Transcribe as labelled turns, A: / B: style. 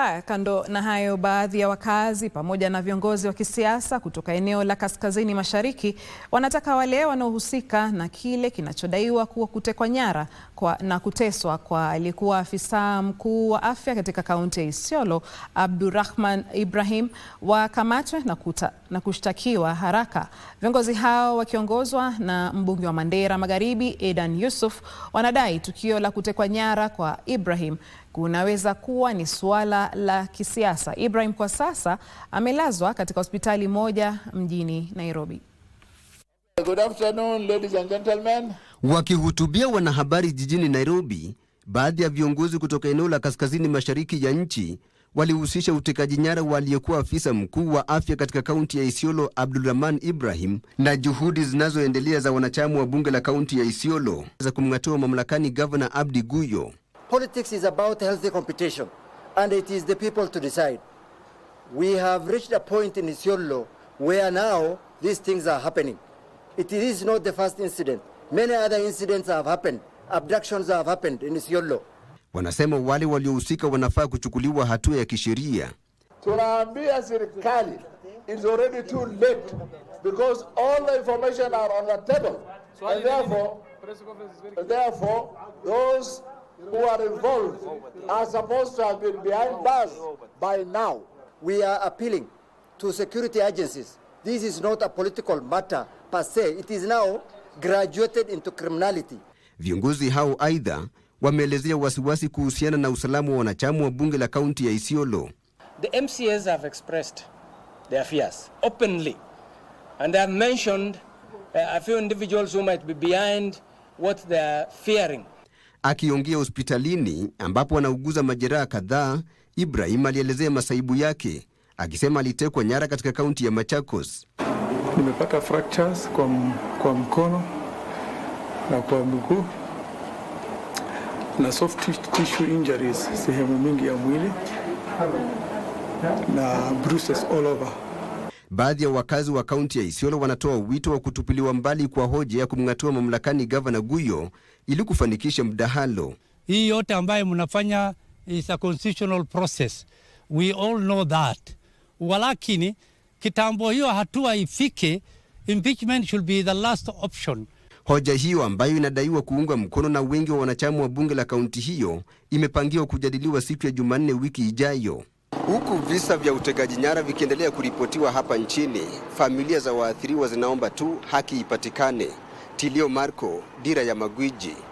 A: Haya, kando na hayo, baadhi ya wakazi pamoja na viongozi wa kisiasa kutoka eneo la kaskazini mashariki wanataka wale wanaohusika na kile kinachodaiwa kuwa kutekwa nyara kwa, na kuteswa kwa aliyekuwa afisa mkuu wa afya katika kaunti ya Isiolo Abdurahman Ibrahim wakamatwe na, na kushtakiwa haraka. Viongozi hao wakiongozwa na mbunge wa Mandera Magharibi Adan Yusuf wanadai tukio la kutekwa nyara kwa Ibrahim kunaweza kuwa ni suala la kisiasa. Ibrahim kwa sasa amelazwa katika hospitali moja mjini Nairobi.
B: Good afternoon, ladies and gentlemen. Wakihutubia wanahabari jijini Nairobi, baadhi ya viongozi kutoka eneo la kaskazini mashariki ya nchi walihusisha utekaji nyara wa aliyekuwa afisa mkuu wa afya katika kaunti ya Isiolo Abdulrahman Ibrahim na juhudi zinazoendelea za wanachama wa bunge la kaunti ya Isiolo za kumng'atua mamlakani gavana Abdi Guyo.
C: Politics is about healthy competition, and it is the people to decide. We have reached a point in Isiolo where now these things are happening. It is not the first incident. Many other incidents have happened. Abductions have happened in Isiolo.
B: Wanasema wale waliohusika wanafaa kuchukuliwa hatua ya kisheria.
D: Tunaambia serikali it's already too late because all the information are on the table and therefore, therefore those who are involved are supposed to have been behind bars by now. We are appealing to security agencies. This is not a political matter per se. It is now graduated into criminality.
B: Viongozi hao aidha wameelezea wasiwasi kuhusiana na usalama wa wanachama wa bunge la kaunti ya Isiolo.
E: The MCAs have expressed their fears openly and they have mentioned uh, a few individuals who might be behind what they are fearing.
B: Akiongea hospitalini ambapo anauguza majeraha kadhaa, Ibrahim alielezea masaibu yake akisema alitekwa nyara katika kaunti ya Machakos.
F: Nimepata fractures kwa, kwa mkono na kwa mguu na soft tissue injuries sehemu mingi ya mwili na bruises all over
B: Baadhi ya wakazi wa kaunti ya Isiolo wanatoa wito wa kutupiliwa mbali kwa hoja ya kumng'atua mamlakani gavana Guyo ili kufanikisha mdahalo.
G: Hii yote ambayo mnafanya is a constitutional process, we all know that, walakini kitambo hiyo hatua ifike, impeachment should be the last option.
B: Hoja hiyo ambayo inadaiwa kuungwa mkono na wengi wa wanachama wa bunge la kaunti hiyo imepangiwa kujadiliwa siku ya Jumanne wiki ijayo. Huku visa vya utekaji nyara vikiendelea kuripotiwa hapa nchini, familia za waathiriwa zinaomba tu haki ipatikane. Tilio Marco, Dira ya Magwiji.